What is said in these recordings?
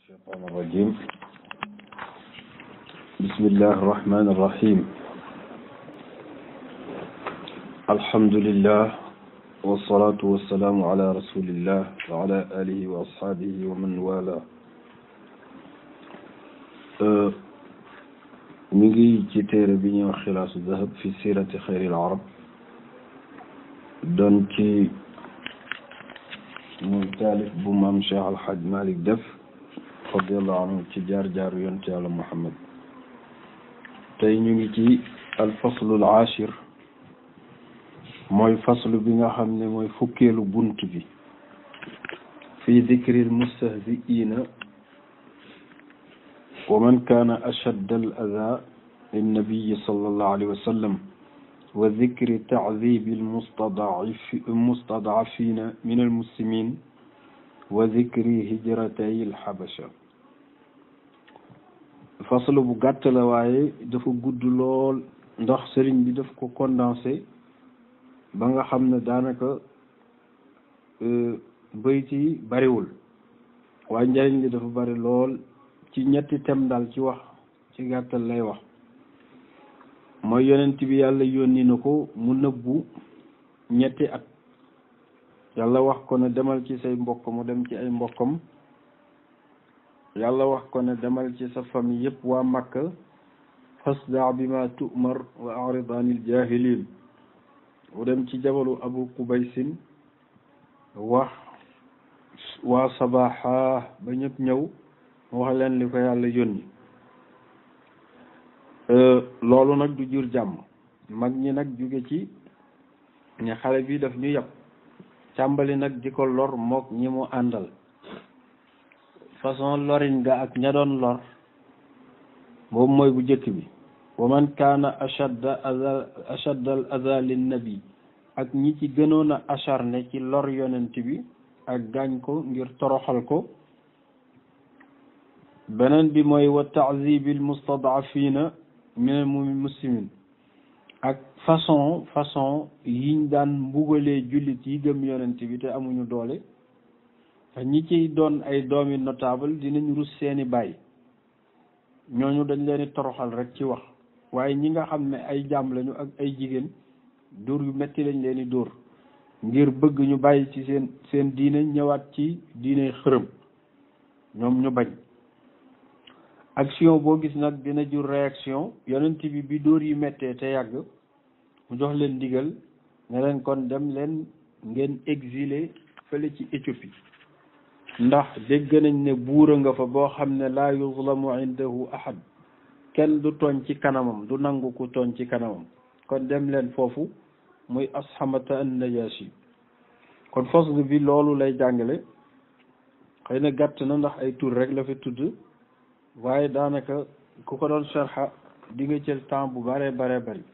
الشيطان الرجيم بسم الله الرحمن الرحيم الحمد لله والصلاة والسلام على رسول الله وعلى آله وأصحابه ومن والاه ñu ngi ci téere bi ñuy wax xilaasu dahab fi siirati xayril arab doon ci muy taalif bu maam Cheikh Alxaaj Malik def radiallahu anhu ci jaar-jaaru yonent yàlla muhammad tey ñu ngi ci alfaslul ashir mooy faslu bi nga xam ne mooy fukkeelu bunt bi fi dikril mustahziina wa man kaana ashadd al adaa linnabiyi sallallahu alayhi wa sallam wa dikri tacdibi almustadcafi almustadcafiina min almuslimin wa dikri hijratay alxabasha faslu bu gàtt la waaye dafa gudd lool ndox sëriñ bi daf ko condensé ba nga xam ne daanaka euh, bayt ci bariwul waaye njariñ li dafa bari lool ci ñetti tem daal ci wax ci gàttal lay wax mooy yonent bi yàlla yónni na ko mu nëbbu ñetti at yàlla wax ko ne demal ci say mbokk mu dem ci ay mbokkam yàlla wax ko ne demal ci sa famille yépp waa Makka fasda bi ma tu'mar wa arid anil bu dem ci jabalu abu qubaysin wax waa sabaxa ba ñëpp ñëw mu wax leen li ko yàlla yónni euh, loolu nag du jur jàmm mag ñi nag jóge ci ñi xale bi daf ñu yàpp càmbali nag di ko lor mook ñi mu àndal façon lorin ga ak ña doon lor boobu mooy bu jëkk bi wa man kaana ashadda aza ashadda al aza ak ñi ci gënoon a acharné ci lor yonent bi ak gaañ ko ngir toroxal ko beneen bi mooy wa taazib al mustadafina min al muslimin ak façon façon yiñ daan mbugalee jullit yi gëm yonent bi te amuñu doole ñi ciy doon ay doomi notable dinañ rus seeni bàyyi ñooñu dañ leen di toroxal rekk ci wax waaye ñi nga xam ne ay jaam lañu ak ay jigéen dóor yu metti lañ leen di dóor ngir bëgg ñu bàyyi ci seen seen diine ñëwaat ci diine xërëm ñoom ñu bañ action boo gis nag dina jur réaction yonent bi bi dóor yi mettee te yàgg mu jox leen digal ne leen kon dem leen ngeen exilé fële ci Éthiopie ndax dégg nañ ne buur a nga fa boo xam ne la yuzlamu indahu ahad kenn du tooñ ci kanamam du nangu ku tooñ ci kanamam kon dem leen foofu muy asxamata an najaasi kon fasl bi loolu lay jàngale xëy na gàtt na ndax ay tur rek la fi tudd waaye daanaka ku ko doon sharxa di nga jël temps bu bare bare bari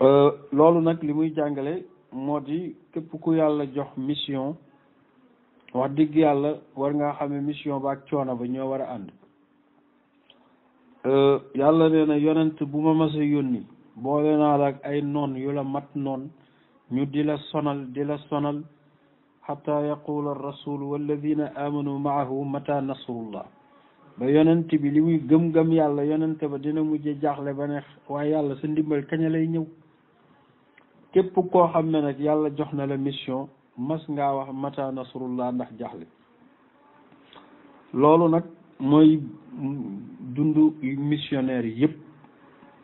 euh, loolu nag li muy jàngale moo di képp ku yàlla jox mission wax dëgg yàlla war ngaa xam mission ba ak coono ba ñoo war a ànd euh, yàlla nee na yonent bu ma mas a yónni boole naa la ak ay noon yu la mat noon ñu di la sonal di la sonal xata yaqula rasul walladina amanu maahu mata bi li muy gëm-gëm yàlla yonent ba dina mujje jaaxle ba ne waaye yàlla sa ndimbal kañ lay ñëw képp koo xam ne nag yàlla jox na la mission mas ngaa wax mata nasrullah ndax jaxle loolu nag mooy dundu missionnaire yi yëpp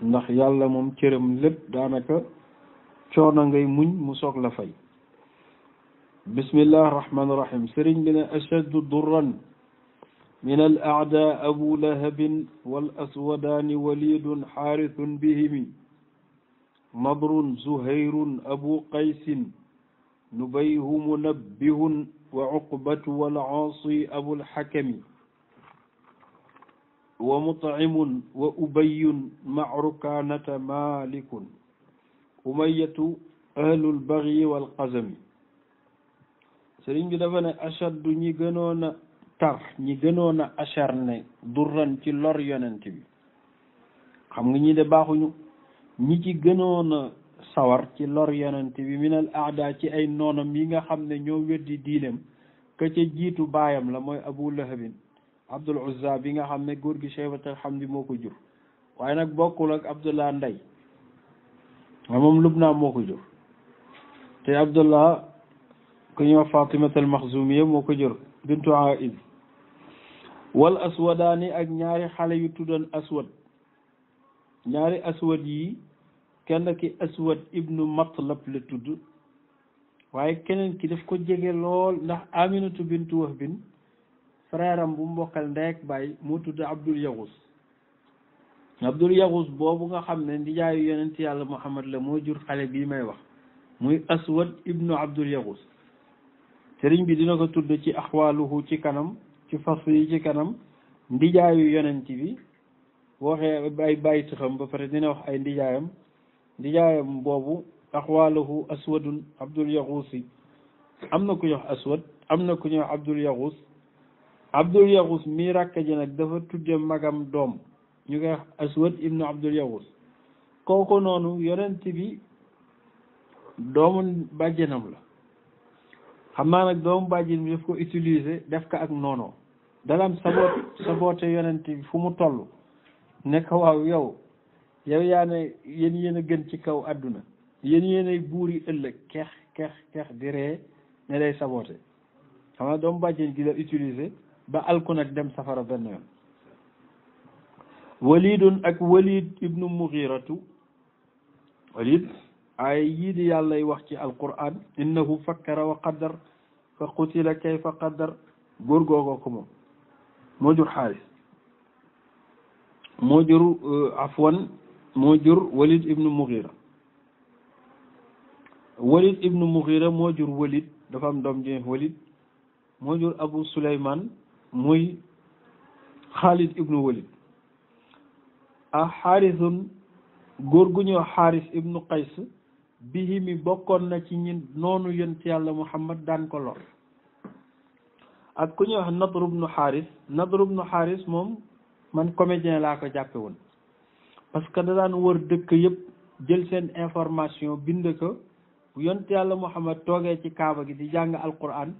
ndax yàlla moom cëram lépp daanaka coono ngay muñ mu soog la fay bismillah rahmaani rahim sëriñ bi ne ashaddu durran min al aada abu lahabin wal aswadaani walidun xaarithun bihimi nadrun zuhayrun abu qaysin nubayhu munabbihun wa uqbatu wal aasi abul xakami wa mutcimun wa ubayun macrukaanata malikun umayatu ahlul bagyi wal qasami sëriñ bi dafa ne ashaddu ñi gënoon a tar ñi gënoon a acharné durran ci lor yonent bi xam nga ñi de baaxuñu ñi ci gënoon a sawar ci lor yonent bi minal aada ci ay noonam yi nga xam ne ñoo weddi diineem ka jiitu baayam la mooy abu lahabin abdul uzza bi nga xam ne góor gi shaybatal hamdi moo ko jur waaye nag bokkul ak abdullah ndey waaye moom lubnaa moo ko jur te abdullah ku ñuy fatimatal maxzumiya moo ko jur bintu aiz wal aswadaani ak ñaari xale yu tuddoon aswad ñaari aswad yi kenn ki aswad ibnu matlab la tudd waaye keneen ki daf ko jege lool ndax aminatu bintu wahbin frère am bu mbokkal ndey ak baay moo tudd abdul yaxus abdul yaxus boobu nga xam ne ndijaayu yonent yàlla muhammad la moo jur xale bii may wax muy aswad ibnu abdul yaxus sëriñ bi dina ko tudd ci axwaaluhu ci kanam ci fas yi ci kanam ndijaayu yonent bi waxee ay bàyyi tëxam ba pare dina wax ay ndijaayam nijaayam boobu axwaalahu aswadun abdul yaxuusi am na ku ñuy wax aswad am na ku ñuy wax abdul yaxuus abdul yaxuus mii rakk ji nag dafa tudde magam doom ñu koy wax aswad ibnu abdul yaxuus kooku noonu yonent bi doomu bàjjenam la xam naa nag doomu bàjjen bi daf ko utiliser def ko ak noonoo dalaam saboot saboote yonent bi fu mu tollu nekk waaw yow yow yaa ne yéen a gën ci kaw àdduna yéen yéen ay buur yi ëllëg keex keex keex di ree ne day saboote xam nga doomu bàjjen gi la utiliser ba alku dem safara benn yoon walidun ak walid ibnu mughiratu walid ay yii di yàllay wax ci alquran innahu fakkara wa qaddar fa qutila kayfa qaddar góor googoo ko moom moo jur xaaris moo jur euh, afwan moo jur Walid ibnu Mughira Walid ibnu Mughira moo jur Walid dafa am doom ji Walid moo jur Abu Suleyman muy Xaalid ibnu Walid a xaarisun góor gu ñëw xaaris ibnu Qays bihi bokkoon na ci ñi noonu yonent yàlla Muhammad daan ko lor ak ku ñuy wax Nadr ibnu Xaaris Nadr ibnu Xaaris moom man comédien laa ko jàppe woon parce que da daan wër dëkk yëpp jël seen information bind ko bu yont yàlla Muhammad toogee ci kaaba gi di jàng alquran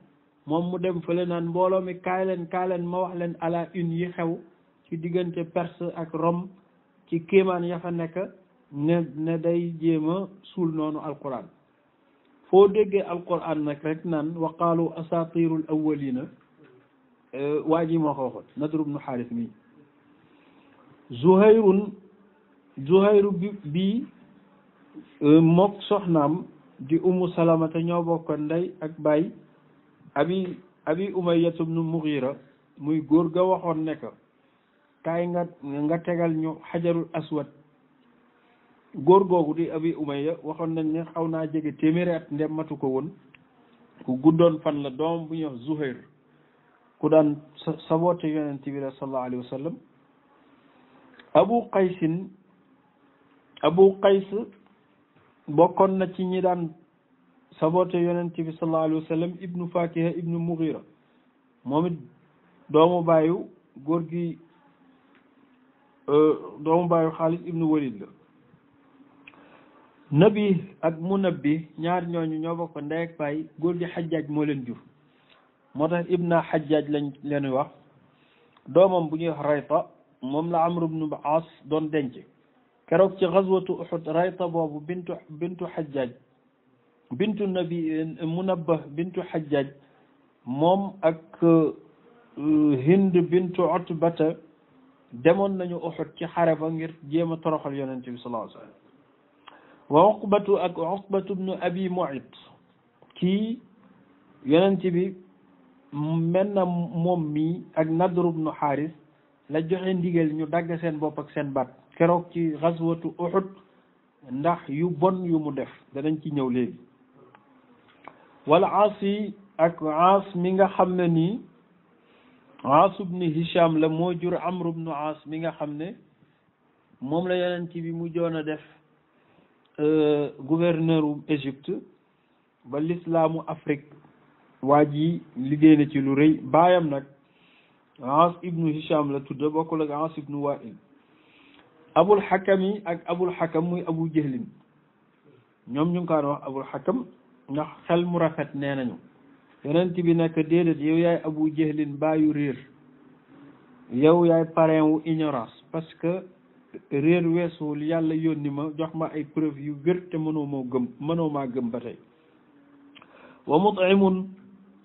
moom mu dem fële naan mbooloo mi kaay leen kaay leen ma wax leen ala la une yi xew ci diggante Perse ak Rome ci kémaan ya fa nekk ne ne day jéem a suul noonu alquran foo déggee alquran nag rek naan waqaalu asatirul awwalina euh, waa ji moo ko waxoon Nadr ibnu Xaaris mi Zuhayru bi bii euh, mook soxnaam di umu salamata ñoo bokkoon ndey ak baay abi abi umayyatu bnu mughira muy góor ga waxoon ne ko kaay nga tegal ñu xajarul aswad góor googu di abi umayya waxoon nañ ne xaw naa jege téeméeri ndem matu ko woon ku guddoon fan la doom bu ñuy wax ku daan saboote yonent bi la sallallahu alayhi abu qaysin abu qays bokkoon na ci ñi daan sabote yonent bi sallallahu alayhi wa sallam ibnu fakiha ibnu mughira moom it doomu baayu góor gi euh, doomu baayu xaalis ibnu walid la nabi ak munabbi ñaar ñooñu ñoo bokk ndey ak baay góor gi xajjaaj moo leen jur moo tax ibna xajjaaj lañ leen wax doomam bu ñuy rayta moom la amru ibnu as doon denc keroog ci xazwatu Uhud rayta boobu bintu bintu Hajjaj bintu nabi Munabbah bintu Hajjaj moom ak uh, Hind bintu Utbata demoon nañu Uhud ci xare ba ngir jéem a toroxal yonent bi sallallahu alayhi wasallam wa Uqbatu ak Uqbatu ibnu Abi Mu'ayt kii yonent bi mel na moom mii ak Nadr ibnu Haris la joxe ndigal ñu dagg seen bopp ak seen baat keroog ci xaswatu Uhud ndax yu bon yu mu def danañ ci ñëw léegi wala aas yi ak aas mi nga xam ne nii aas ibnu Hisham la moo jur Amr ibnu aas mi nga xam ne moom la yeneen yonent bi mu joon a def euh, gouverneur u Égypte ba l'islaamu Afrique waa ji liggéey na ci lu rëy baayam nag aas ibnu Hisham la tudd bokkul ak aas ibnu Wa'il abul xakam yi ak abul xakam muy abu jëhlin ñoom ñu ngi ko wax abul xakam ndax xel mu rafet nee nañu yonent bi nekk déedéet yow yaay abu jëhlin bàyyu réer yow yaay parrain wu ignorance parce que réer weesuwul yàlla yónni ma jox ma ay preuve yu wér te mënoo moo gëm mënoo maa gëm ba tey wa mut'imun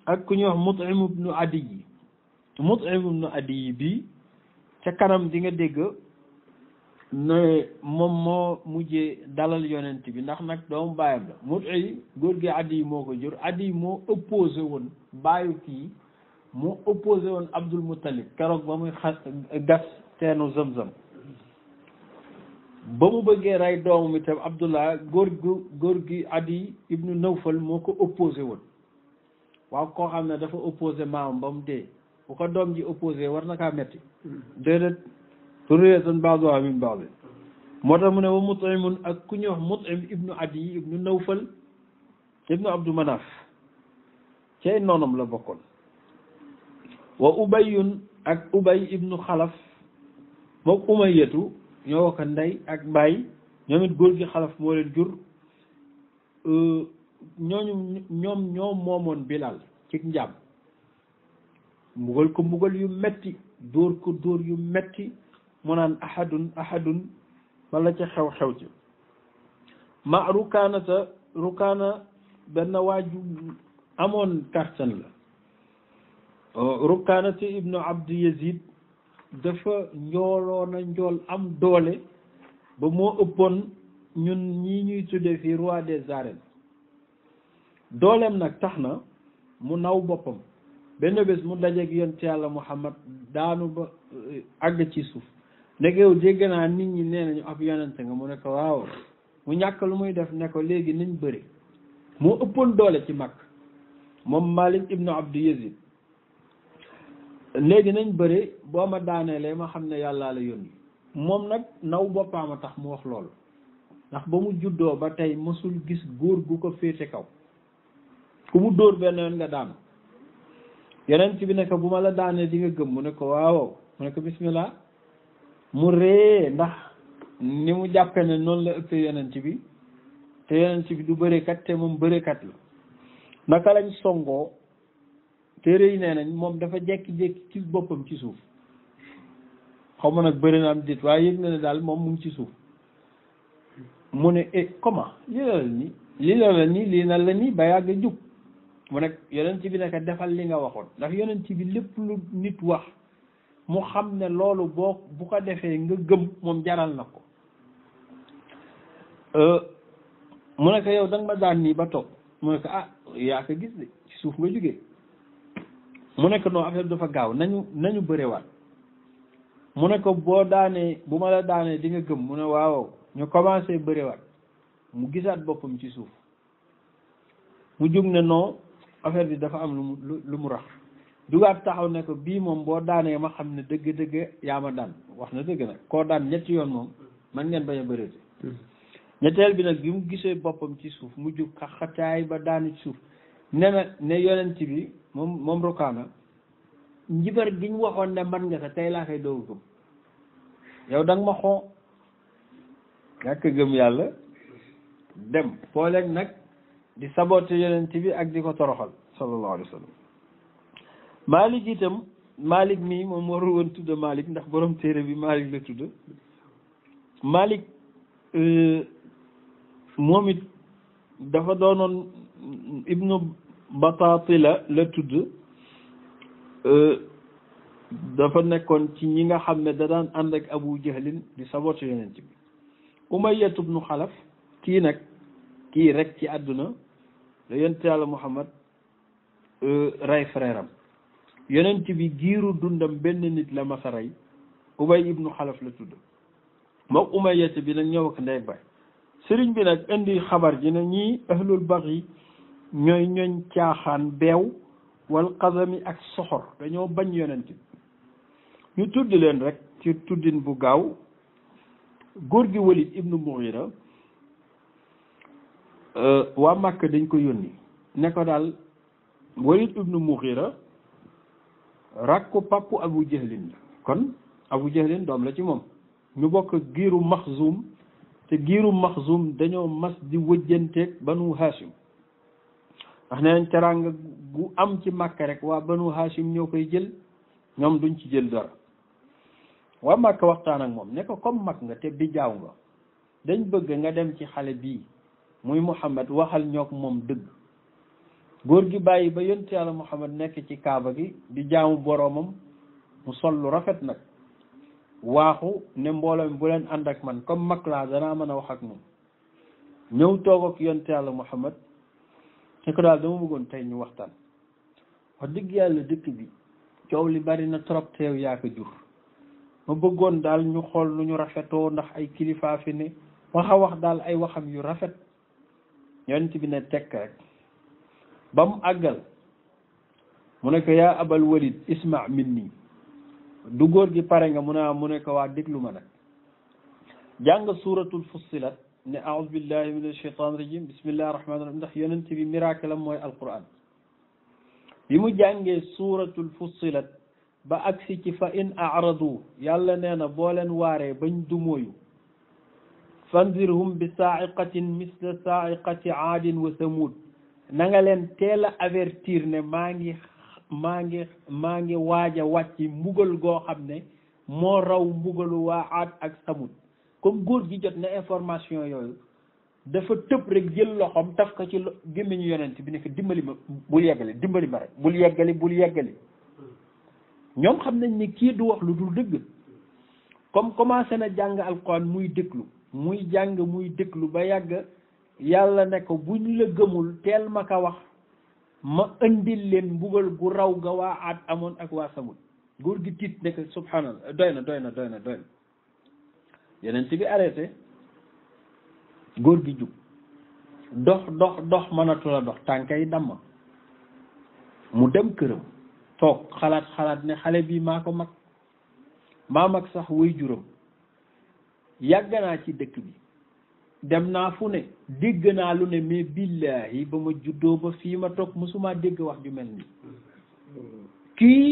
ak ku ñuy wax mut'im ibnu adiy mut'im ibnu adiy bi ca kanam di nga dégg ne moom moo mujjee dalal yonent bi ndax nag doomu baayam la mut yi góor gi addi yi moo ko jur addi moo opposé woon baayu kii moo opposé woon Abdul Muttalib keroog ba muy xas gas teenu zam-zam ba mu bëggee rey doomu mi tam Abdullah góor gu góor gi addi ibnu Nawfal moo ko opposé woon waaw koo xam ne dafa opposé maamam ba mu dee bu ko doom ji opposé war na kaa metti mm. déedéet surriyatan ba'duha min ba'd moo tax mu ne wa mut'imun ak ku ñuy wax mut'im ibnu adi ibnu nawfal ibnu abdu manaf cay noonam la bokkoon wa ubayun ak ubay ibnu xalaf mook umayyatu ñoo ko ndey ak baay ñoom góor gi xalaf moo leen jur ñooñu ñoom ñoo moomoon bilal ci njaam mbugal ko mbugal yu metti dóor ko dóor yu metti mu naan ahadun ahadun wala ca xew xew ci ma rukaanata rukaana benn waaju amoon kartan la oh, rukaanata ibnu abdi yazid dafa njooloon a njool am doole ba moo ëppoon ñun ñi ñuy tudde fi roi des arènes dooleem nag tax na mu naw boppam benn bés mu dajeeg yonent yàlla muhammad daanu ba eh, àgg ci suuf ndeke jégg naa nit ñi nee nañu ab yonent nga mu ne ko waaw mu ñàkk lu muy def ne ko léegi nañ bëri moo ëppoon doole ci mag moom Malik ibnu Abdu Yazid léegi nañ bëri boo ma daaneelee ma xam ne yàllaa la yónni moom nag naw boppaam boppaama tax mu wax loolu ndax ba mu juddoo ba tey mësul gis góor gu ko féete kaw ku mu dóor benn yoon nga daanu yonent bi ne ko bu ma la daanee di nga gëm mu ne ko waaw mu ne ko bismillah mu ree ndax ni mu jàppe ne noonu la ëppee yonent bi te yonent bi du bëreekat te moom bëreekat la naka lañ songoo téere yi nee nañ moom dafa jekki-jekki ci boppam ci suuf xaw ma nag bëri na am dit waaye yëg na ne daal moom mu ci suuf mu ne eh comment lii la la nii lii na la nii ba yàgg jub mu nekk yonent bi naka defal li nga waxoon ndax yonent bi lépp lu nit wax mu xam ne loolu boo bu ko defee nga gëm moom jaral na ko euh, mu ne ko yow danga ma daan nii ba toog mu ne ko ah yaa ko gis de ci suuf nga jógee mu nekk ko non affaire dafa gaaw nañu nañu bërewaat mu ne ko boo daanee bu ma la daanee di nga gëm mu ne waaw ñu commencé bërewaat mu gisaat boppam ci suuf mu jóg ne noo affaire bi dafa am lu mu lu mu rax dugaat taxaw ne ko bii moom boo daanee ma xam ne dëgg dëgg yaa ma daan wax na dëgg nag koo daan ñetti yoon moom man ngeen bañ a bëreeti hmm. ñetteel bi nag bi mu gisee boppam ci suuf mu jug xaxataay ba daanu ci suuf ne na ne yonent bi moom moom rokaana njibar gi ñu waxoon ne man nga ko tey laa koy doogu gëm yow danga ma xoo ñàkk gëm yàlla dem booleeg nag di saboté yonent bi ak di ko toroxal sallallahu alayhi Malik itam Malik mii moom warul woon tudd Malik ndax boroom téere bi Malik la tudd Malik euh, moom it dafa doonoon Ibnu Batatila la tudd euh, dafa nekkoon ci ñi nga xam ne da daan ànd ak Abu Jahlin di sabote yonent bi Umayyatu ibnu Xalaf kii nag kii rekk ci àdduna la yonent Yàlla Muhammad euh, rey frère yonent bi giiru dundam benn nit la mas a rey ubay ibnu xalaf la tudd moom umayyate bi nag ñëw ak ndey bay sëriñ bi nag indi xabar ji ne ñii ahlul baxi ñooy ñoñ caaxaan beew wal xasami ak soxor dañoo bañ yonent bi ñu tudd leen rek ci tuddin bu gaaw góor gi walid ibnu mughira euh, waa Màkka dañ ko yónni ne ko daal walid ibnu mughira rakku pàppu abu jahlin la kon abu jahlin doom la ci moom ñu bokk giiru maxzum te giiru maxzum dañoo mas di wëjjanteeg banu hashim wax ne nañ teraanga gu am ci màkka rek waa banu hashim ñoo koy jël ñoom duñ ci jël dara waa màkka waxtaan ak moom ne ko mag nga te bi jaaw nga dañ bëgg nga dem ci xale bii muy muhammad waxal ñoog moom dëgg góor gi bàyyi ba yonent yàlla Muhammad nekk ci kaaba gi di jaamu boroomam mu sol lu rafet nag waaxu ne mboolam bu leen ànd ak man comme mag laa danaa mën a wax ak moom ñëw toog ak yonent yàlla Muhammad ne daal dama bëggoon tey ñu waxtaan wax digg yàlla dëkk bi coow li bari na trop te yow yaa ko jur ma bëggoon daal ñu xool nu ñu rafetoo ndax ay kilifaa fi ne wax wax daal ay waxam yu rafet yonent bi ne tekk rek ba mu àggal mu ne ko yaa abal walid isma minni du góor gi pare nga mu ne mu ne ko waa déglu ma nag jàng suuratul fussilat ne aoudu billahi min alshaitan rajim bismillahi rahmani rahim ndax yonent bi miracle am mooy alquran bi mu jàngee suuratul fussilat ba agsi ci fa in aradu yàlla nee na boo leen waaree bañ du mooyu fanzirhum bi saaiqatin misla saaiqati aadin wa samud nanga leen teel a avertir ne maa ngi maa ngi maa ngi waaja a wàcc mbugal goo xam ne moo raw mbugalu waa aad ak samut comme góor gi jot na information yooyu dafa tëb rek jël loxoom taf ko ci gémmiñu yonent bi ne dimbali ma bul yeggali dimbali ma rek bul yeggali bul yeggali ñoom xam nañ ni kii du wax lu dul dëgg comme commencé na jàng alxuraan muy déglu muy jàng muy déglu ba yàgg yàlla ne ko buñ la gëmul teel ma ka wax ma indil leen mbugal gu raw ga waa aat amoon ak waa samut góor gi tiit nekk subhanallah doy na doy na doy na yeneen ci bi arrêté góor gi jub dox dox dox mënatula dox tànka yi damm mu dem këram toog xalaat xalaat ne xale bi maa ko mag maa mag sax way juróom yàgg ci dëkk bi dem naa fu ne dégg naa lu ne mais billaahi ba ma juddoo ba fii ma toog mësuma dégg wax ju mel nii kii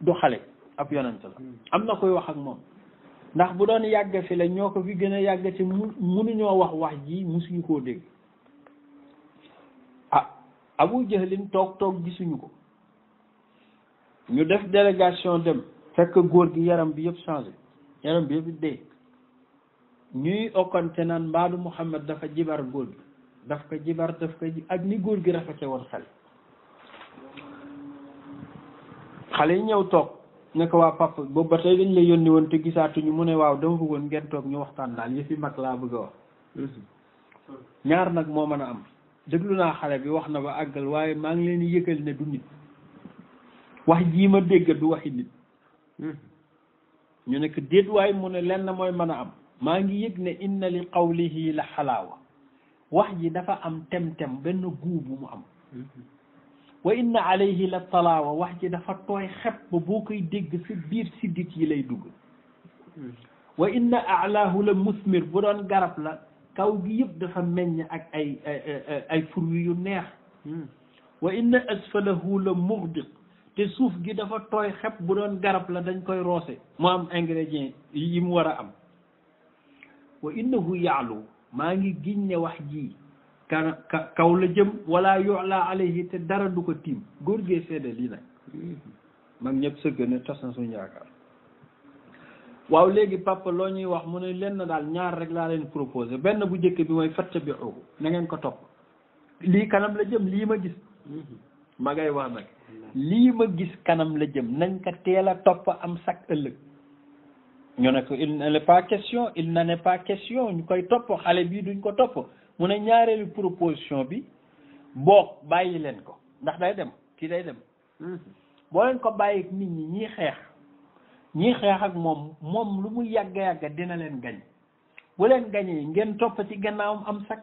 du xale ab yonent la am na koy wax ak moom ndax bu doon yàgg fi la ñoo ko fi gën a yàgg te mu mënuñoo wax wax ji mësuñu koo dégg ah abu jahlin toog toog gisuñu ko ñu def délégation dem fekk góor gi yaram bi yëpp changé yaram bi yëpp dee ñuy okkante naan mbaalu Muhammad dafa jibar góor gi daf ko jibar daf ko ak ni góor gi rafete woon xel xale yi ñëw toog ne ko waa papa boobu ba tey dañ la yónni woon te gisaatuñu mu ne waaw dama bëggoon ngeen toog ñu waxtaan daal yëfi mag laa bëgg a wax ñaar nag moo mën a am déglu naa xale bi wax na ba àggal waaye maa ngi leen di yëgal ne du nit wax jii ma dégg du waxi nit hmm. ñu ne ko déet waaye mu ne lenn mooy mën a am maa ngi yëg ne inna li qawlihi la xalaawa wax ji dafa am tem-tem benn guubu mu am wa inna alayhi la talaawa wax ji dafa tooy xeb ba boo koy dégg ci biir siddit yi lay dugg wa inna alaahu la musmir bu doon garab la kaw gi yëpp dafa meññ ak ay ay fruits yu neex wa inna asfalahu la mughdiq te suuf gi dafa tooy xeb bu doon garab la dañ koy roose mu am ingrédient yi mu war a am wa innahu yaalu maa ngi giñ ne wax ji ka kaw la jëm wala yola alayhi te dara du ko tiim góor gee seede lii nag mag ñëpp sëgg ne tas na suñu yaakaar waaw léegi papa loo ñuy wax mu ne lenn daal ñaar rek laa leen proposé benn bu njëkk bi mooy fatta bi ogu na ko topp lii kanam la jëm lii ma gis ma ngay wax nag lii ma gis kanam la jëm nañ ko teel a topp am sak ëllëg ñu ne ko il n'en est pas question il na ne pas question ñu koy topp xale bii duñ ko topp mu ne ñaareelu proposition bi boog bàyyi leen ko ndax day dem kii day dem mm-hmm. boo leen ko bàyyi nit ñi ñii xeex ñii xeex ak moom moom lu mu yàgga yàgga dina leen gañ bu leen gañee ngeen topp ci gannaawam am sax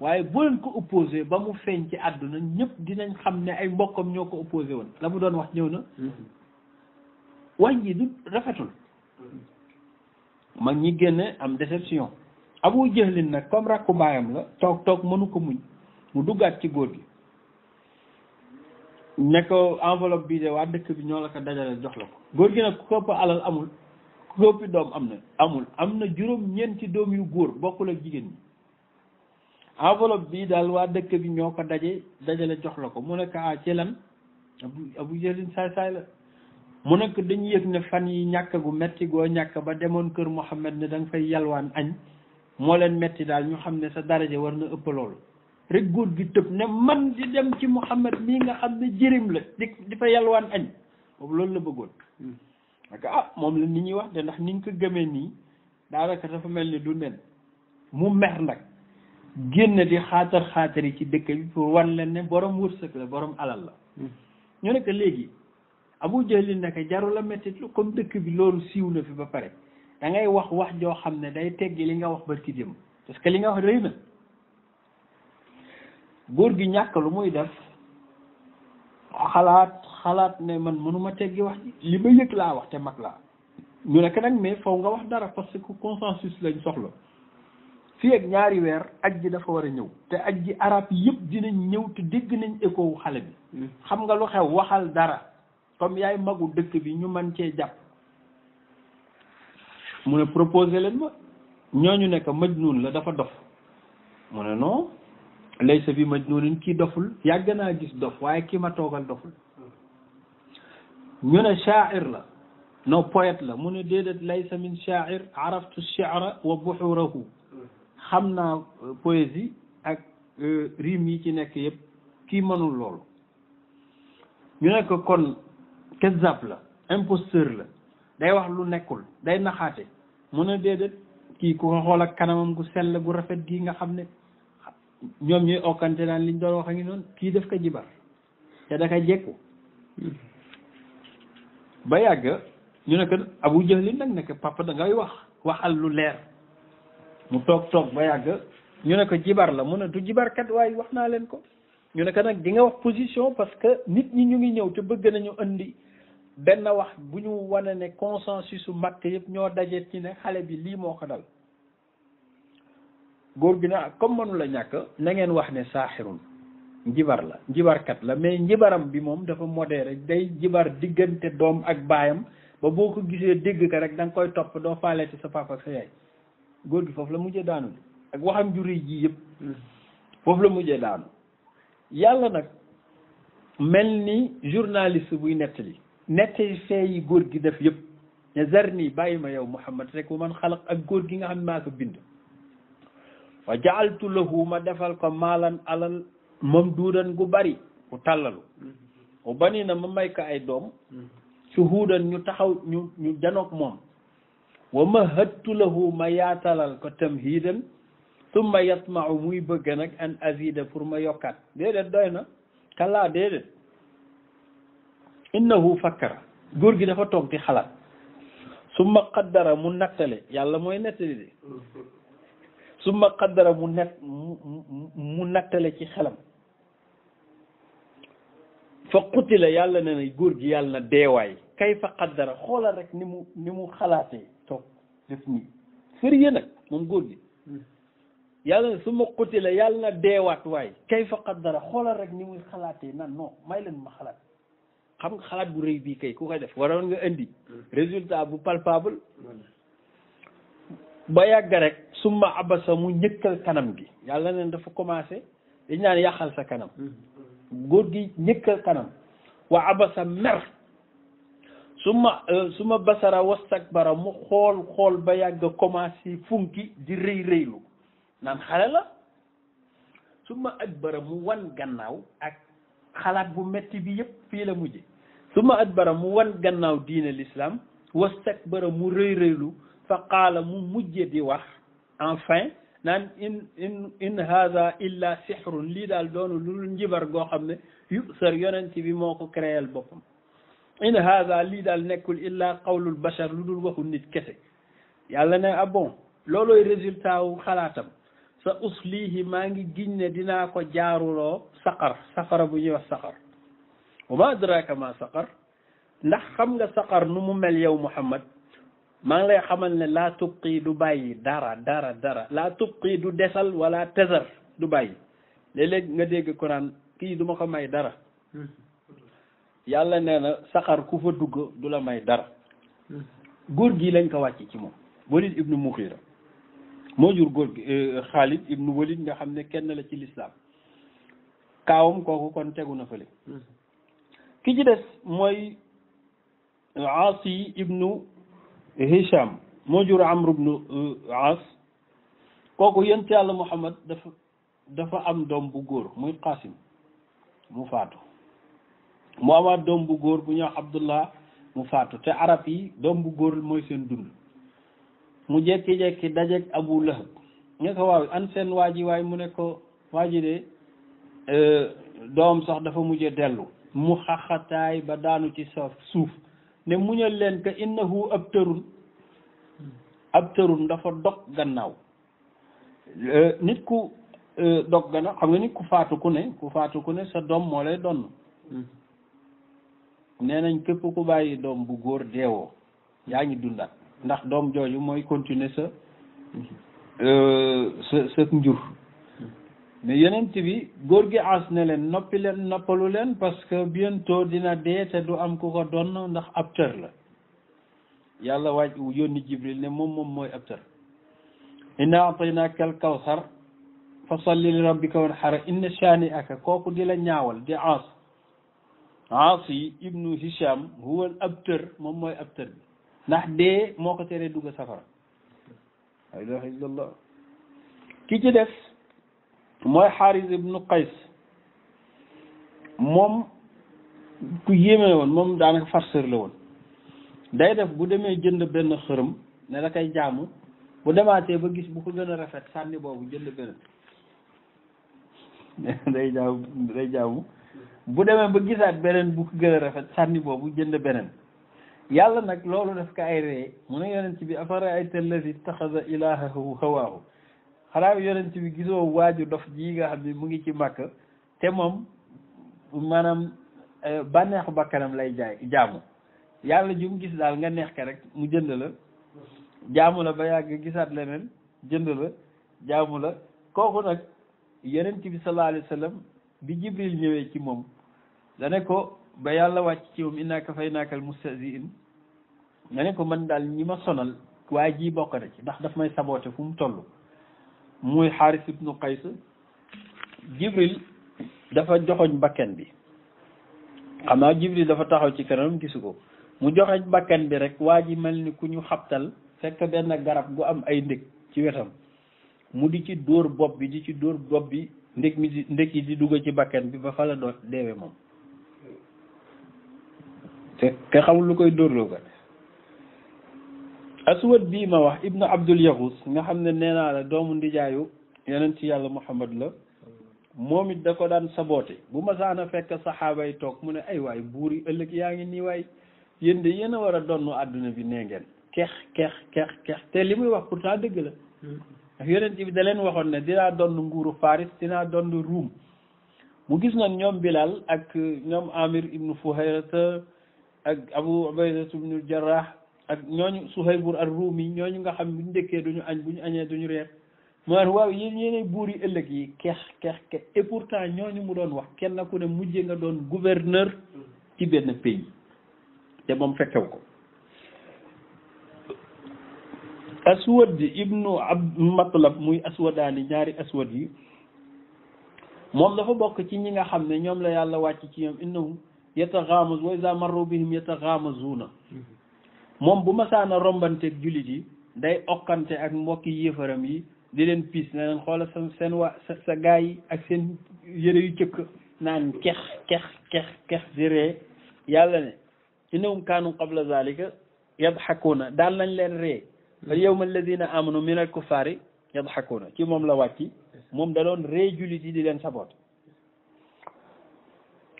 waaye bu leen ko opposé ba mu feeñ ci àdduna ñëpp dinañ xam ne ay mbokkam ñoo ko opposé woon la mu doon wax ñëw na mm-hmm. wañ ji du rafetul mag ñi génne am déception abu jëxlin nag comme rakku baayam la toog toog mënu ko muñ mu duggaat ci góor gi ne ko enveloppe bii de waa dëkk bi ñoo la ko dajale jox la ko góor gi nag ko ëpp alal amul ku ko ëpp doom am na amul am na juróom ñeenti doom yu góor bokkul ak jigéen ñi enveloppe bii daal waa dëkk bi ñoo ko daje dajale jox la ko mu ne ah ci lan abu abu jëlin saay saay la mu nekk dañu yëg ne fan yi ñàkk gu metti goo ñàkk ba demoon kër Mouhamed ne da nga fay yalwaan añ moo leen metti daal ñu xam ne sa daraja war na ëpp loolu rek góor gi tëb ne man di dem ci Mouhamed mii nga xam ne jërim la di di fa yalwaan añ boobu loolu la bëggoon hmm. parce que ah moom la ni ñuy wax de ndax ni ñu ko gëmee nii daanaka dafa mel ni du nen mu mer nag génn di xaatar xaatari ci dëkk bi pour wan leen ne borom wërsëg la borom alal la hmm. ñu nekk léegi abu jahlin naka jaru la méttit comme dëkk bi loolu siiw na fi ba pare da ngay wax wax joo xam ne day teggi li nga wax barki dem parce que li nga wax rëy na góor gi ñàkk lu muy def xalaat xalaat ne man mënuma teggi wax li ma yëg laa wax te mag laa ñu nekk nag mais faw nga wax dara parce que consensus lañ soxla fi ak ñaari weer aj ji dafa war a ñëw te aj ji arab yëpp dinañ ñëw te dégg nañ écho wu xale bi hmm. xam nga lu xew waxal dara comme yaay magu dëkk bi ñu man cee jàpp mu ne proposé leen ma ñoo ñu nekk majnun la dafa dof mu ne non laysa bi majnunin kii doful yàgg naa gis dof waaye kii ma toogal doful ñu ne sha'ir la no poète la mu ne déedéet laysa min sha'ir araftu shi'ra wa buhurahu xam naa euh, poésie ak euh, riim yi ci nekk yëpp kii mënul loolu ñu nekk kon kezzab la imposteur la day wax lu nekkul day naxaate mën a déedéet kii ku ko xool ak kanamam gu sell gu rafet gii nga xam ne ñoom ñuy okkante naan liñ doon wax a ngi noonu kii def ko jibar te da ka jekku ba yàgg ñu ne ko abu jëlin nag ne ko papa da ngay wax waxal lu leer mu toog toog ba yàgg ñu ne ko jibar la mu ne du jibarkat waaye wax naa leen ko ñu ne ko nag di nga wax position parce que nit ñi ñu ngi ñëw te bëgg nañu indi benn wax bu ñu wane ne consensus su mag yëpp ñoo daje ci ne xale bi lii moo ko dal góor gi na ah, comme mënu la ñàkk na wax ne saaxirun njibar la njibarkat la mais njibaram bi moom dafa modéré day njibar diggante doom ak baayam ba boo ko gisee dégg ko rek da koy topp doo faaleeti sa papa sa yaay góor gi foofu la mujjee daanu ak waxam juri ji yëpp foofu la mujjee daanu yàlla nag mel ni journaliste buy nettali nettali fee yi góor gi def yëpp ne zarni bàyyi ma yow Muhammad rek wa man xalaq ak góor gi nga xam ne maa ko bind wa jaaltu lahu ma defal ko maalan alal moom duudan gu bari ku tàllalu u bani na ma may ko ay doom suhuudan ñu taxaw ñu janook janoog moom wa ma hëttu lahu ma yaatalal ko tamhiidan summa yatmau muy bëgg nag an azida pour ma yokkaat déedéet doy na kallaa déedéet innahu fakkara góor gi dafa toog di xalaat summa qaddara mu nattale yàlla mooy nettali de summa qaddara mu net mu nattale ci xelam fa qutila yàlla ne na góor gi yàlla na deewaay kay fa qaddara xoolal rek ni mu ni mu xalaatee toog def nii sérieux nag moom góor gi yàlla ne su ma qutila yàlla na deewaat waay kayfa qaddara xoolal rek ni muy xalaatee nan non may leen ma xalaat xam nga xalaat bu rëy bii kay ku koy def waroon nga indi résultat bu palpable ba yàgg rek su summa abasa mu ñëkkal kanam gi yàlla ne dafa commencé dañ naan yàqal sa kanam góor gi ñëkkal kanam wa abasa mer su ma euh, basara bara mu xool xool ba yàgg commencé funki di rëy rëylu naan xale la su ma adbara mu wan gannaaw ak xalaat bu metti bi yëpp fii la mujje su ma adbara mu wan gannaaw diine l'islam wastakbara mu rëy rëylu fa qaala mu mujje di wax enfin naan in in in haada illa sihrun lii daal doonu lu njibar goo xam ne yu sër yonent bi moo ko créel boppam in haada lii daal nekkul illa qawlul bashar lu dul waxu nit kese yàlla ne ah bon loolooy résultat wu xalaatam sa uslihi maa ngi giñ ne dinaa ko jaaruloo saqar saqara bu ñuy wax saqar bu ma adraka ma ndax xam nga saqar nu mu mel yow muhammad maa ngi lay xamal ne laa tubqi du bàyyi dara dara dara laa tubqi du desal wala tazar du bàyyi léeg-léeg nga dégg ko naan kii du ma ko may dara yàlla nee na saqar ku fa dugg du la may dara hmm. góor gi lañ ko wàcc ci moom Walid ibnu Mughira moo jur góor gi euh, Xaalid ibnu Walid nga xam ne kenn la ci lislaam kaawam kooku kon tegu na fële hmm. ki ci des mooy Aasi ibnu Hisham moo jur Amr ibnu euh, Aas kooku yent yàlla Muhammad dafa dafa am doom bu góor muy Qasim mu faatu mu amaat doom bu góor bu ñuy wax Abdullah mu faatu te arab yi doom bu góor mooy seen dund mu jekki-jekki dajeeg abu lahab nga ko waaw an seen waa ji waay mu ne ko waa ji de euh, doom sax dafa mujje dellu mu xaxataay ba daanu ci sa suuf ne muñal leen ka innahu ab tërun ab tërun dafa dog gannaaw euh, nit ku euh, dog gannaaw xam nga nit ku faatu ku ne ku faatu ku ne sa doom moo lay donn hmm. nee nañ képp ku bàyyi doom bu góor deewoo yaa ngi dundaat ndax doom jooju mooy continuer sa euh, sa sa njur mais yonent bi góor gi ens ne leen noppi leen noppalu leen parce que bientôt dina dee te du am ku ko donn ndax ab tër la yàlla waaj yónni jibril ne moom moom mooy ab tër inna ataynaaka al kawsar fa salli li rabbika wanhar inna shaani aka kooku di la ñaawal di aas aas yi ibnu hisham huwa ab tër moom mooy ab tër ndax dee moo ko teree dugg safara la ki ci def mooy xaaris ibnu qays moom ku yéeme woon moom daanaka farceur la woon day def bu demee jënd benn xërëm ne da koy jaamu bu demaatee ba gis bu ko gën a rafet sànni boobu jënd beneen day jaamu day jaamu bu demee ba ak beneen bu ko gën a rafet sànni boobu jënd beneen yàlla nag loolu daf ko ay ree mu ne yonent bi afara'ayta allazi ittaxada ilaahahu hawaahu xanaa yonent bi gisoo waaju dof ji nga xam ne mu ngi ci màkk te moom maanaam eh, bànneexu bakkanam lay jaay jaamu yàlla jum gis daal nga neex ka rek mu jënd la jaamu la ba yàgg gisaat leneen jënd la jaamu la kooku nag yonent bi sallallahu alayhi bi jibril ñëwee ci moom dane ko ba yàlla wàcc ci moom innaa kafaynaaka al-mustahzi'in nga ne ko mën daal ñi ma sonal waa jii bokk ci ndax daf may saboote fu mu toll muy Xaaris ibnu Qays Jibril dafa joxoñ bakken bi xam naa Jibril dafa taxaw ci kanam gisu ko mu joxoñ bakken bi rek waa ji mel ni ku ñu xabtal fekk benn garab gu am ay ndég ci wetam mu di ci dóor bopp bi di ci dóor bopp bi ndég mi di ndég yi di dugg ci bakken bi ba fa la doon deewe moom te xamul lu koy dóorloo ko aswad bii ma wax ibnu abdul yaxus nga xam ne nee naa la doomu ndijaayu yeneen ci yàlla muhammad la moom it da ko daan saboote bu masaana fekk saxaaba yi toog mu ne ay waay buur yi ëllëg yaa ngi nii waay yéen de yéen a war a donnu àdduna bi nee ngeen keex keex keex te li muy wax pourtant dëgg la ndax yonent bi da waxoon ne dinaa donn nguuru Faris dinaa donn Ruum mu gis na ñoom Bilal ak ñoom Amir ibnu Fuhayrata ak abu ubaydat ibnul jarrah ak ñooñu suhaybur ar rumi ñooñu nga xam buñu dëkkee duñu añ buñu añee duñu reer mu naan waaw yéen yéenay buur yi ëllëg yi keex keex keex et pourtant ñooñu mu doon wax kenn ku ne mujje nga doon gouverneur ci benn pays te moom fekkew ko aswad ibnu abd matlab muy aswadaani ñaari aswad yi moom dafa bokk ci ñi nga xam ne ñoom la yàlla wàcc ci ñoom yataxaamaz wa iza marru bihim yataxaamazuuna moom bu masaana rombanteeg jullit yi day okkante ak mbokki yéefaram yi di leen piis na leen xoola sa seen waa sa sa gaa yi ak seen yëre yu cëkk naan kex kex kex kex jëree yàlla ne innahum kaanu qabla zalika yadxakuuna daal nañ leen ree al yawma alladina amanu min al kuffari yadxakuuna ci moom la wàcc moom da doon ree jullit yi di leen saboot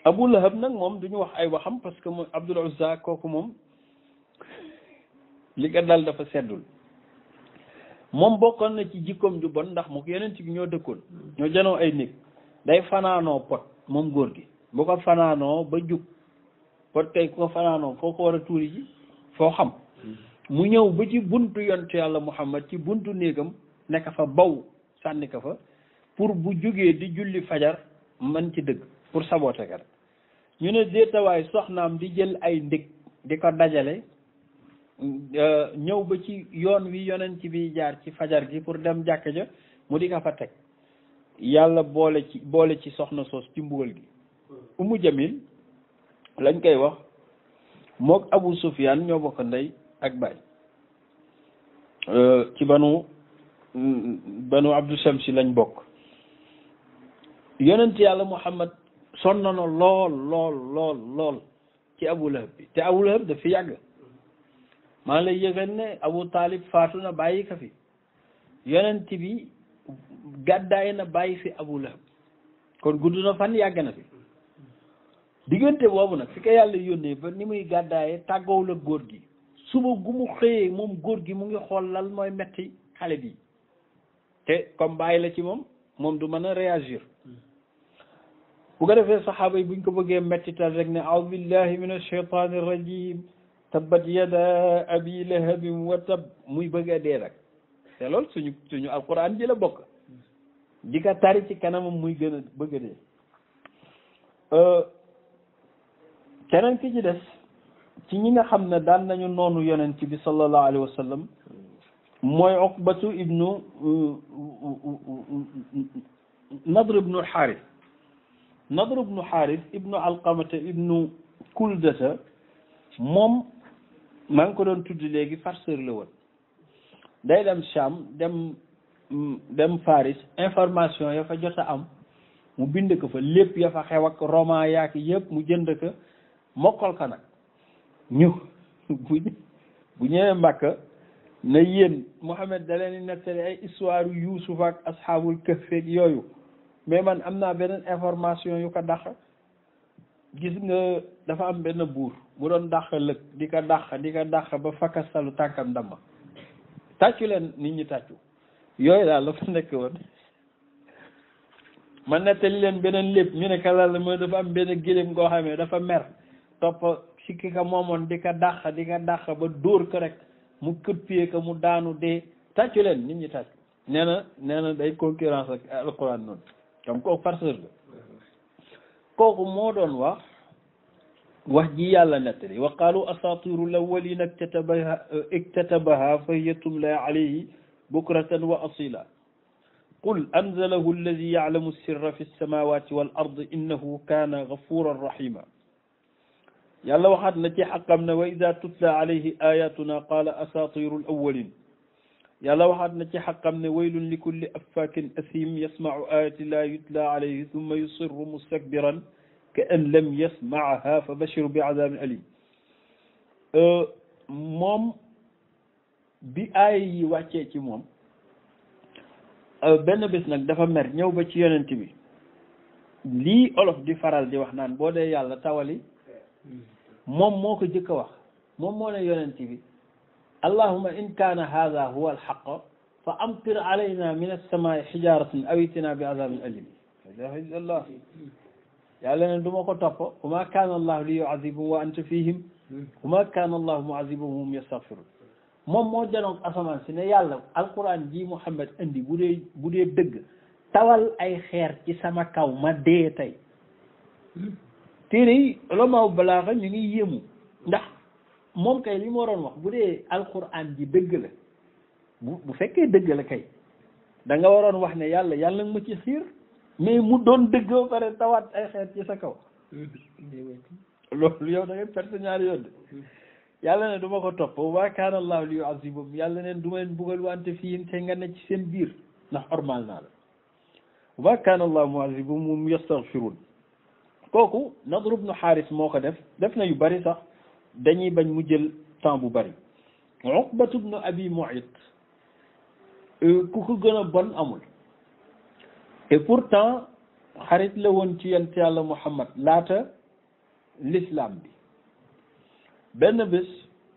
Abu Lahab nag moom duñu wax ay waxam parce que moom Abdul Uzza kooku moom li nga dal dafa seddul moom bokkoon na ci jikkoom ju bon ndax mu ko yonent bi ñoo dëkkoon ñoo janoo ay néeg day fanaanoo pot moom góor gi bu ko fanaanoo ba jug pot kay ku ko fanaanoo foo ko war a tuuri ji foo xam mu ñëw ba ci buntu yontu yàlla Muhammad ci buntu néegam nekk fa bow sànni ko fa pour bu jógee di julli fajar man ci dëgg pour saboter ka rek ñu ne déetawaay soxnaam di jël ay ndig di ko dajale euh, ñëw ba ci yoon wi yonent bi jaar ci fajar gi pour dem jàkk ja mu di ka fa teg yàlla boole ci boole ci soxna soos ci mbugal gi umu jamil lañ koy wax mook abu sufyaan ñoo bokk ndey ak baay euh, ci banu banu abdu samsi lañ bokk yonent yàlla muhammad sonn na lool lool lool lool ci Abu Lahab bi te Abu Lahab daf fi yàgg maa ngi lay yëgal ne Abu Talib faatu na bàyyi ka fi yonent bi gàddaay na bàyyi fi Abu Lahab kon gudd na fan yàgg na fi diggante boobu nag fi ko yàlla yónnee ba ni muy gàddaaye tàggoow la góor gi suba gu mu xëyee moom góor gi mu ngi xool lan mooy metti xale bi te comme bàyyi la ci moom moom du mën a réagir bu ko defee saxaaba yi buñ ko bëggee mettital rek ne aoudu billahi min alshaytani irrajim tabbat yada abi lahabin wa tab muy bëgg a dee nag te loolu suñu suñu alquran ji ci kanamam muy gën a bëgg a euh, ki ci des ci ñi nga xam ne daan nañu noonu yonent bi sallallahu alayhi wa sallam mooy Uqbatu ibnu euh, euh, Nadr ibnu Xaaris nadr ibnu xaaris ibnu alqamata ibnu kuldata moom maa ngi ko doon tudd léegi farceur la woon day dem Sham dem mm, dem Faris information ya fa jot a am mu bind ko fa lépp ya fa xew ak roman yaak yëpp mu jënd ko mokkal ko nag ñu bu bu ñëwee Makka na yéen Muhammad da leen nettali ay histoire yu Yuusuf ak asxaabul kahf yooyu mais man am naa beneen information yu ko dàq gis nga dafa am benn buur mu doon dàq lëg di ko dàq di ko dàq ba fakkastalu tànkam ndam tàccu leen nit ñi tàccu yooyu daal la nekk woon ma nettali leen beneen lépp ñu ne ka la mooy dafa am benn géléem ngoo xamee dafa mer topp si ki ka moomoon di ko dàq di ko dàq ba dóor ko rek mu këppee ko mu daanu dee tàccu leen nit ñi tàccu nee na nee na day concurrence ak alquran noonu tam kooku farceur la kooku moo doon wax wax ji yàlla nettali wa qaalu asaatiru lawalina iktatabaha iktatabaha fa hiya tumla alayhi bukratan wa asila qul anzalahu alladi yaclamu sirra fi lsamawati wal ard innahu kaana gafuran rahima yàlla waxaat na ci xaqam ne wa ida tutla alayhi ayatuna qaala asaatiru alawalin yàlla waxaat na ci xaqam ne waylun li kulli affaakin asim yasmau ayati llahi yutla alayhi summa yusiru mustakbiran ka an lam yasmaaha fa bashiru bi azabin alim moom bi aay yi wàccee ci moom benn bés nag dafa mer ñëw ba ci yonent bi lii olof di faral di wax naan boo dee yàlla tawali moom moo ko jëkk a wax moom moo ne yonent bi allahuma in kaana hada huwa alxaq fa amtir alayna min alsamaai xijaratin aw itina bi azabin alim allah yàlla ne du ma ko topp wa ma kaana allahu li yuazibum wa anta fihim wa ma kaana allahu muazibum hum yastaghfirun moom moo janoog asamaan si ne yàlla alquran ji Muhammad andi bu dee bu dee dëgg tawal ay xeer ci sama kaw ma dee tey téere yi ulama balaaxa ñu ngi yéemu ndax moom kay li mu waroon wax bu dee alxuraan ji dëgg la bu bu fekkee dëgg la kay danga waroon wax ne yàlla yàlla nga ma ci xiir mais mu doon dëgg ba pare tawaat ay xeet ci sa kaw loolu yow da ngay perte ñaari yoon de yàlla ne du ko topp wa kaana allaahu li yu'azzibahum yàlla neen du ma leen bugal wante fii te nga ne ci seen biir ndax ormal naa la wa kaana allaahu mu'azzibahum hum yastaghfiruun kooku Nadr ibn Haaris moo ko def def na yu bari sax dañuy bañ mu jël temps bu bari Uqbatu bnu Abi Mu'ayt euh, ku ko gën a bon amul et pourtant xarit la woon ci yent yàlla Muhammad laata l'islam bi benn bés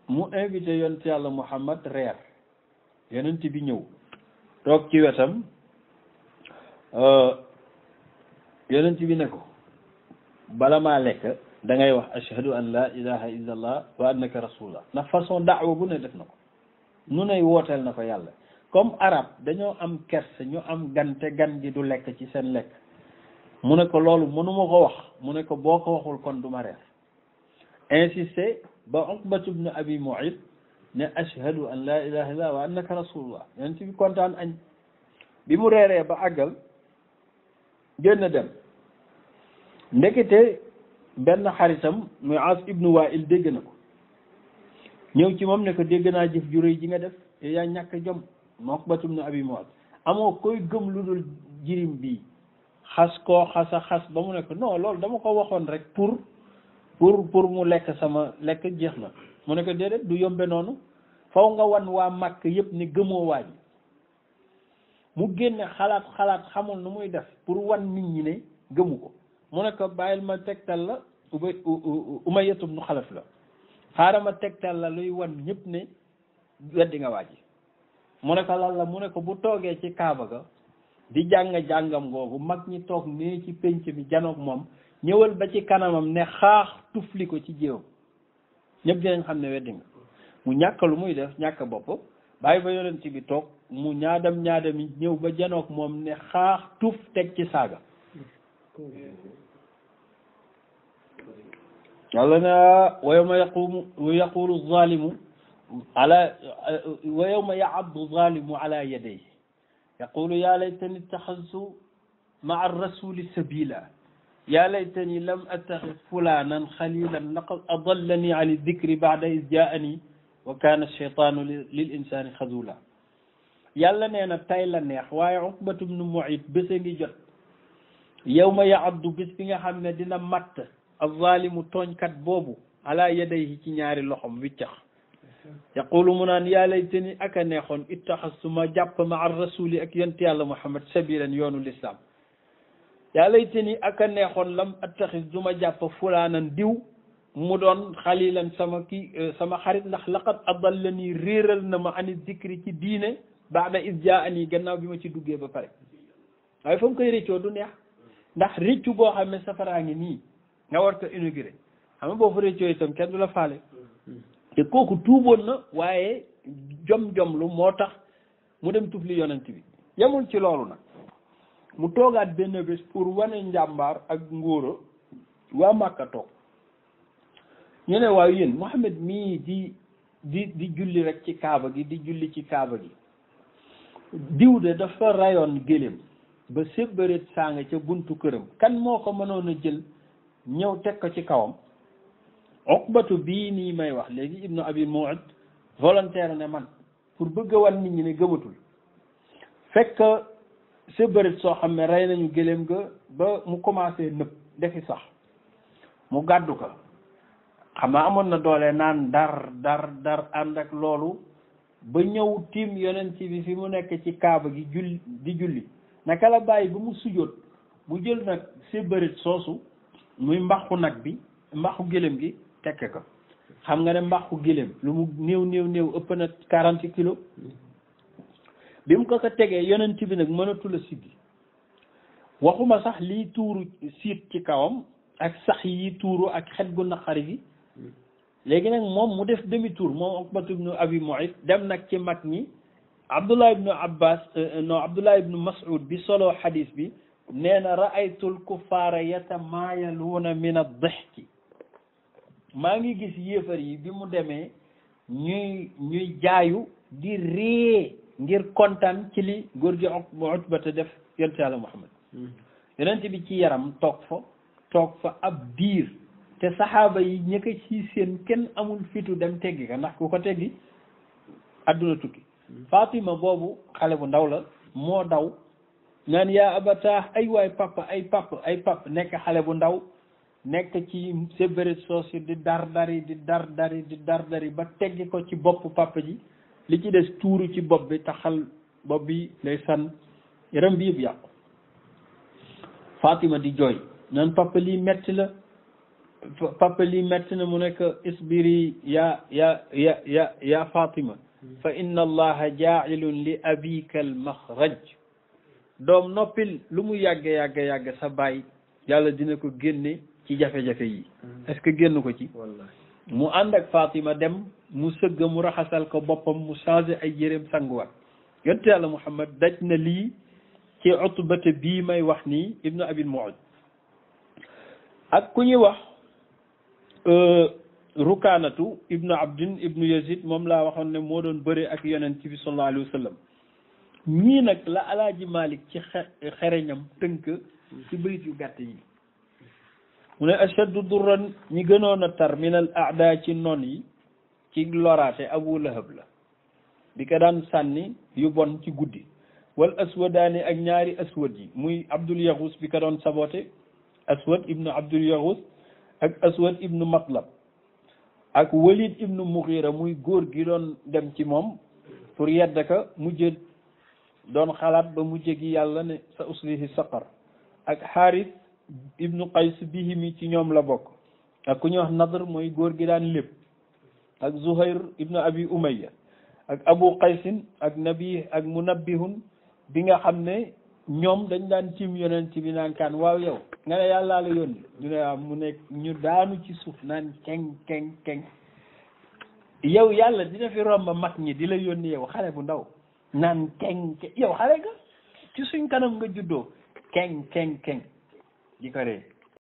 mu invité yent yàlla Muhammad reer yonent bi ñëw toog ci wetam euh, yonent bi ne ko bala maa lekk da ngay wax ashhadu an la ilaha illa allah wa annaka rasulullah ndax façon daawa bu ne def na ko nu nay wooteel na ko yàlla comme arab dañoo am kerse ñu am gante gan gi du lekk ci seen lekk mu ne ko loolu mënuma ko wax mu ne ko boo ko waxul kon du ma reer insisté ba Uqbatu ibn Abi Mu'ayt ne ashhadu an la ilaha illallah wa annaka rasulullah yonent bi kontaan añ bi mu reeree ba àggal génn dem ndekete benn xaritam muy As ibnu Wa'il dégg na ko ñëw ci moom ne ko dégg naa jëf ju rëy ji nga def yaa ñàkk jom moo ko batum na abi muwaat amoo koy gëm lu dul jirim bi xas koo xasa xas ba mu ne ko non loolu dama ko waxoon rek pour pour pour mu lekk sama lekk jeex na mu ne ko déedéet du yombe noonu faw nga wan waa màkk yépp ni gëmoo waaj mu génne xalaat xalaat xamul nu muy def pour wan nit ñi ne gëmu ko mu ne ko bàyyil ma tegtal la ubay umayatu bnu xalaf la xaaral ma tegtal la luy wan ñëpp ne weddi nga waaj mu ne ko lan la mu ne ko bu toogee ci kaaba ga di jàng jàngam googu mag ñi toog nee ci pénc bi janoog moom ñëwal ba ci kanamam ne xaax tufli ko ci jéewam ñëpp dinañ xam ne weddi mu ñàkk lu muy def ñàkk bopp bàyyi ba yonent bi toog mu ñaadam ñaadam yi ñëw ba janoog moom ne xaax tuf teg ci saaga mm-hmm. yàlla ne wa yawma yaqumu wa yaqulu zalimu ala wa yawma ya'addu zalimu ala yadayhi yaqulu ya laytani ittakhadhtu ma'a ar-rasuli sabila ya laytani lam attakhidh fulanan khalilan laqad adallani 'ani dhikri ba'da idh ja'ani wa kana ash-shaytanu lil insani khazula yàlla nee na tay la neex waaye uqbatum nu mu'id bés a ngi jot yawma ya'addu bés bi nga xam ne dina matt azzaalimu tooñkat boobu ala yadayhi ci ñaari loxom wiccax yaqulu mu naan yaa laytani ak a neexoon ittaxastu ma jàpp ma ar rasuli ak yonent yàlla muhammad sabilan yoonu lislaam yaa laytani ak a neexoon lam attaxis du ma jàpp fulaanan diw mu doon xalilan sama kii sama xarit ndax laqad adallani réeral na ma ani zikri ci diine baada is jaani gannaaw bi ma ci duggee ba pare waaye fa koy réccoo du ndax réccu boo xam safaraa ngi nii nga war ko inauguré xam nga boo fa réccoo itam kenn du la faale mm-hmm. te kooku tuuboon na waaye jom-jom lu moo tax mu dem tufli yonent bi yemul ci loolu nag mu toogaat benn bés pour wane njàmbaar ak ngóora waa Màkka toog ñu ne waaw yéen Muhammad mii di di di julli rek ci kaaba gi di julli ci kaaba gi diw de dafa rayoon gëléem ba sébbareet saa nga ca buntu këram kan moo ko mënoon a jël ñëw teg ko ci kawam uqbatu bii nii may wax léegi ibnu abi muad volontaire ne man pour bëgg a nit ñi ne gëmatul fekk sa bërit soo xam ne rey nañu gëléem ga ba mu commencé nëb defi sax mu gàddu ko xam naa amoon na doole naan dar dar dar ànd ak loolu ba ñëw tiim yonent bi fi mu nekk ci kaaba gi julli di julli naka la bàyyi ba mu sujoot mu jël nag sa bërit soosu muy mbaxu nag bi mbaxu gëléem gi tekke ko xam nga ne mbaxu gëléem lu mu néew néew néew ëpp na quarante kilo bi mu ko ko tegee yonent bi nag mënatu la siggi waxuma sax liy tuuru siit ci kawam ak sax yi tuuru ak xet gu naqari gi léegi nag moom mu def demi tuur moom Uqbatu ibnu Abi Mu'ayt dem nag ci mag ñi Abdullah ibnu Abbas euh, euh, non Abdullah ibnu Mas'ud bi solo xadiis bi nee na raaytul kuffaara yatamaayaluuna min ad-dihki maa ngi gis yéefar yi bi mu demee ñuy ñuy jaayu di ree ngir kontaan ci li góor gi Utbata def yonent Yàlla Muhammad mm-hmm. yonent bi ci yaram toog fa toog fa ab diir te saxaaba yi ñëkk ci seen kenn amul fitu dem teggi ka ndax ku ko teggi àdduna tukki mm-hmm. Fatima boobu xale bu ndaw la moo daw naan yaa abata ay waay papa ay papa ay papa nekk xale bu ndaw nekk ci sévéré di dar dari di dar ba teggi ko ci bopp papa ji li ci des tuuru ci bopp bi taxal bopp bi lay san yaram bi yëpp yàqu Fatima di jooy naan papa lii metti la papa lii metti na mu nekk isbiri ya ya ya ya ya Fatima fa inna allaha jaa'ilun li abika al maxraj doom noppil lu mu yàgg yàgg yàgg sa baay yàlla dina ko génne ci jafe-jafe yi mm-hmm. est-ce que génn ko ci mu ànd ak Fatima dem mu sëgg mu raxasal ko boppam mu changé ay yéreem sanguwaat yonte yàlla Muhammad daj na lii ci utbata bii may wax nii ibnu abil mu'ad ak ku ñuy wax euh, rukaanatu ibnu abdin ibnu yazid moom laa waxoon ne moo doon bëre ak yonent bi sallallahu alayhi ñii nag la alaaji malik ci xereñam tënk ci bayit yu gàtt yi mu ne ashaddu durran ñi gënoon a tar min aada ci non yi ci loraate abu lahab la di ko daan sànni yu bon ci guddi wal aswadaani ak ñaari aswad yi muy abdul yaxus bi ko doon saboté aswad ibnu abdul yaxus ak aswad ibnu matlab ak walid ibnu mughira muy góor gi doon dem ci moom pour yedd ka mu jël doon xalaat ba mu gi yàlla ne sa uslihi saqar ak xaaris ibnu qays bihimi ci ñoom la bokk ak ku ñuy wax nadr mooy góor gi daan lépp ak zuhair ibnu abi umayya ak abu qaysin ak nabi ak munabbihun bi nga xam ne ñoom dañ daan tiim yonent bi naan kaan waaw yow nga ne yàllaa la yónni ñu ne waaw mu nekk ñu daanu ci suuf naan keng keng keng yow yàlla dina fi romb mag ñi di la yónni yow xale bu ndaw naan keng keng yow xale ci suñ kanam nga juddoo keng keng keng gi ko